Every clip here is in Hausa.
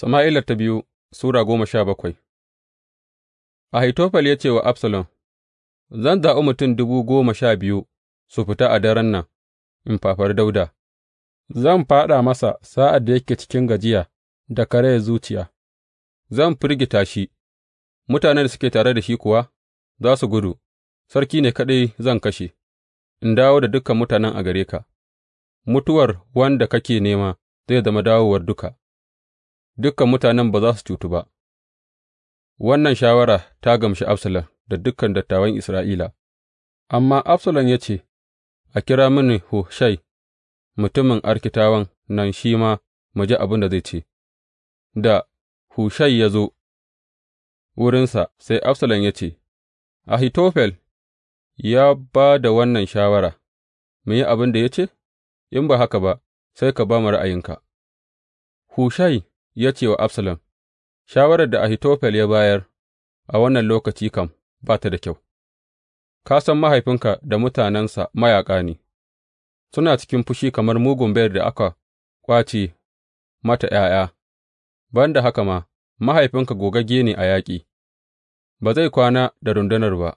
Sama'ila ta biyu Sura goma sha bakwai Ahitofel ya ce wa Absalom, Zan zaɓi mutum dubu goma sha biyu su fita a daren nan in fafari Dauda, zan faɗa masa sa'ad da yake cikin gajiya da karayar zuciya, zan firgita shi, mutanen da suke tare da shi kuwa za su gudu, sarki ne kaɗai zan kashe, in dawo da dukan mutanen a gare ka, mutuwar wanda kake nema zai zama dawowar duka. dukan mutanen ba za su cutu ba. Wannan shawara ta gamshi Absalom da dukan dattawan Isra'ila, amma Absalom ya ce, A kira mini Hushai, mutumin Arkitawan nan shi ma mu ji abin da zai ce, da Hushai ya zo wurinsa sai Absalom ya ce, Ahitofel ya ba da wannan shawara, mu yi abin da ya ce, in ba haka ba, sai ka ba mu ra'ayinka. Hushai ya ce wa Absalom, Shawarar da Ahitofel ya bayar a wannan lokaci kam ba ta da kyau, ka san mahaifinka da mutanensa mayaƙa ne, suna cikin fushi kamar mugun bayar da aka ƙwace mata ’ya'ya, ban da haka ma, mahaifinka gogagge ne a yaƙi, ba zai kwana da rundunar ba,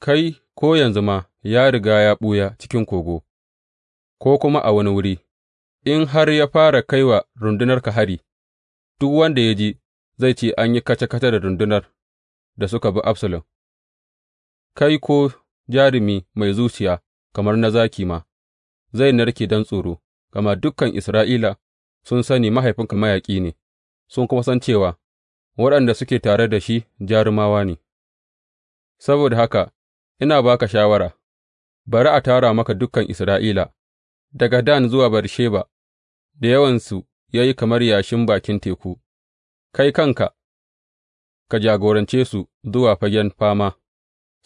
kai ko yanzu ma ya riga ya ɓuya cikin kogo, ko kuma a wani wuri, in har ya fara kai wa rundunarka hari. duk wanda ya ji, zai ce an yi kaca kaca da rundunar da suka bi Absalom, kai ko jarumi mai zuciya kamar na zaki ma, zai narke don tsoro, gama dukan Isra'ila sun sani mahaifinka mayaƙi ne, sun kuma san cewa waɗanda suke tare da shi jarumawa ne, saboda haka ina baka shawara, bari a tara maka dukan Isra'ila, daga Dan zuwa barsheba da yawansu ya yi kamar yashin bakin teku, kai kanka, ka jagorance su zuwa fagen fama,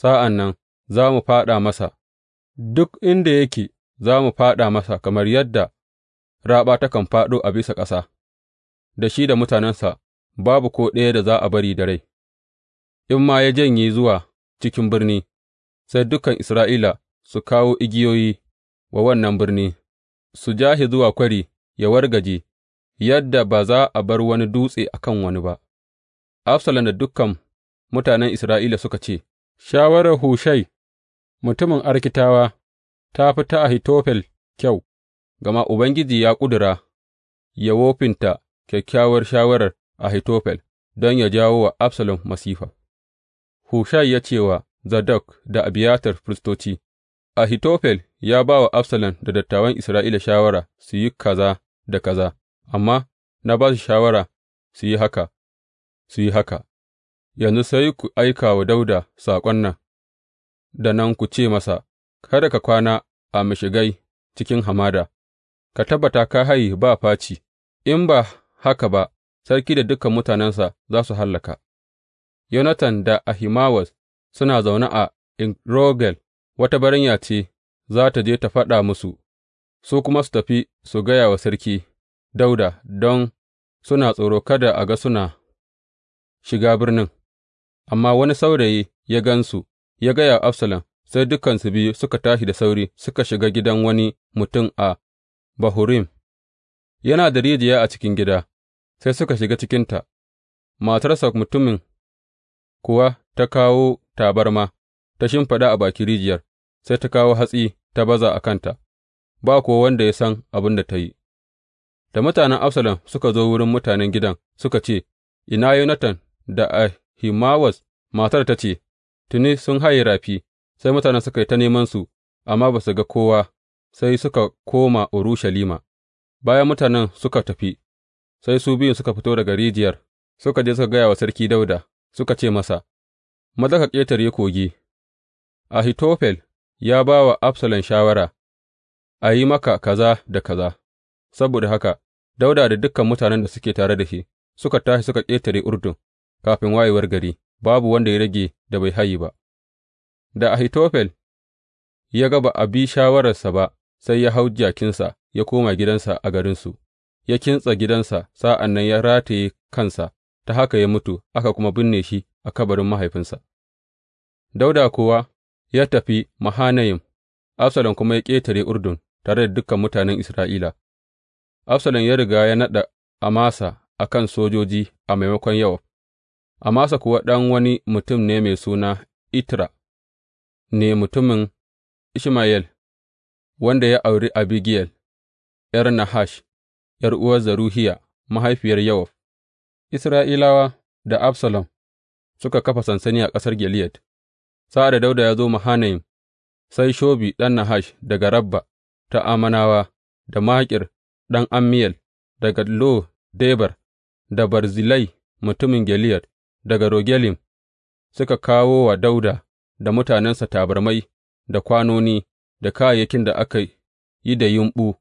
sa'an nan za mu fāɗa masa, duk inda yake za mu fāɗa masa kamar yadda raɓa takan fāɗo a bisa ƙasa, da shi da mutanensa babu ko ɗaya da za a bari da rai, in ma ya janye zuwa cikin birni, sai dukan Isra'ila su kawo igiyoyi wa wannan birni, su ja zuwa kwari ya wargaje, yadda ba za a bar wani dutse a kan wani ba, Absalom da dukan mutanen Isra'ila suka ce, Shawarar Hushai, mutumin Arkitawa, ta fi ta Ahitofel kyau, gama Ubangiji ya ƙudura ya wofinta kyakkyawar shawarar Ahitofel don ya jawo wa Absalom masifa. Hushai ya ce wa Zadok da Abiyatar firistoci, Ahitofel ya ba wa Absalom da dattawan Isra'ila shawara su yi kaza da kaza, amma na ba su shawara su yi haka, su yi haka, yanzu sai ku aika wa Dauda saƙon nan, da nan ku ce masa, Kada ka kwana a mashigai cikin hamada, ka tabbata ka haye ba faci, in ba haka ba, sarki da dukan mutanensa za su hallaka. Yonatan da Ahimawas suna zaune a En wata baranya ce za ta je ta faɗa musu, su kuma su tafi su gaya wa sarki, Dawuda don suna tsoro kada a ga suna shiga birnin, amma wani saurayi ya gan su ya gaya wa Absalom, sai dukansu biyu suka tashi da sauri suka shiga gidan wani mutum a Bahurim, yana da rijiya a cikin gida, sai suka shiga cikinta, matarsa mutumin kuwa ta kawo tabarma, ta shimfaɗa a baki rijiyar, sai ta kawo hatsi ta baza a kanta, ba kuwa wanda ya san abin da ta yi. Da mutanen Absalom suka zo wurin mutanen gidan suka ce, Ina Yonatan da Ahimawaz, matar ta ce, Tuni sun haye rafi, sai mutanen suka yi ta nemansu, amma ba su ga kowa, sai suka koma Urushalima. Bayan mutanen suka tafi, sai su biyu suka fito daga rijiyar, suka je suka gaya wa sarki Dauda, suka ce masa, Maza ka ƙetare kogi, Ahitofel ya ba wa Absalom shawara, a yi maka kaza da kaza. saboda haka Dawuda da dukan mutanen da suke tare da shi suka tashi suka ƙetare Urdun kafin wayewar gari, babu wanda ya rage da bai hayi ba. Da Ahitofel ya ga ba a bi shawararsa ba, sai ya hau jakinsa ya koma gidansa a garinsu, ya kintsa gidansa sa'an nan ya rataye kansa, ta haka ya mutu aka kuma binne shi a kabarin mahaifinsa. Dauda kuwa ya tafi Mahanayim, Absalom kuma ya ƙetare Urdun tare da dukan mutanen Isra'ila Absalom ya riga ya naɗa Amasa a kan sojoji a maimakon Yowab, Amasa kuwa ɗan wani mutum ne mai suna Itra, ne mutumin Ishmayel, wanda ya auri Abigiyel, ’yar Nahash, yar uwar zaruhiya, mahaifiyar Yowab. Isra'ilawa da Absalom suka kafa sansani a ƙasar Gileyad Sa'ad da Dauda ya zo Mahanayim, sai Shobi ɗan Nahash daga Rabba ta amanawa da Makir ɗan Ammiyel, daga Lo Debar, da Barzilai mutumin Gileyad, daga Rogelim, suka kawo wa Dauda da mutanensa tabarmai, da kwanoni, da kayayyakin da aka yi da yumɓu,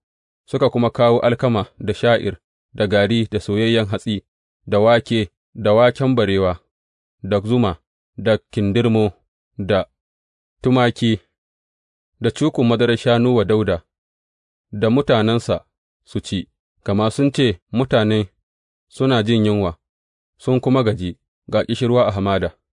suka kuma kawo alkama, da sha'ir, da gari, da soyayyen hatsi, da wake, da waken barewa, da zuma, da kindirmo, da tumaki, da cukun madarar shanu wa Dauda da mutanensa su ci, gama sun ce, Mutane suna jin yunwa, sun kuma gaji, ga ƙishirwa a hamada.’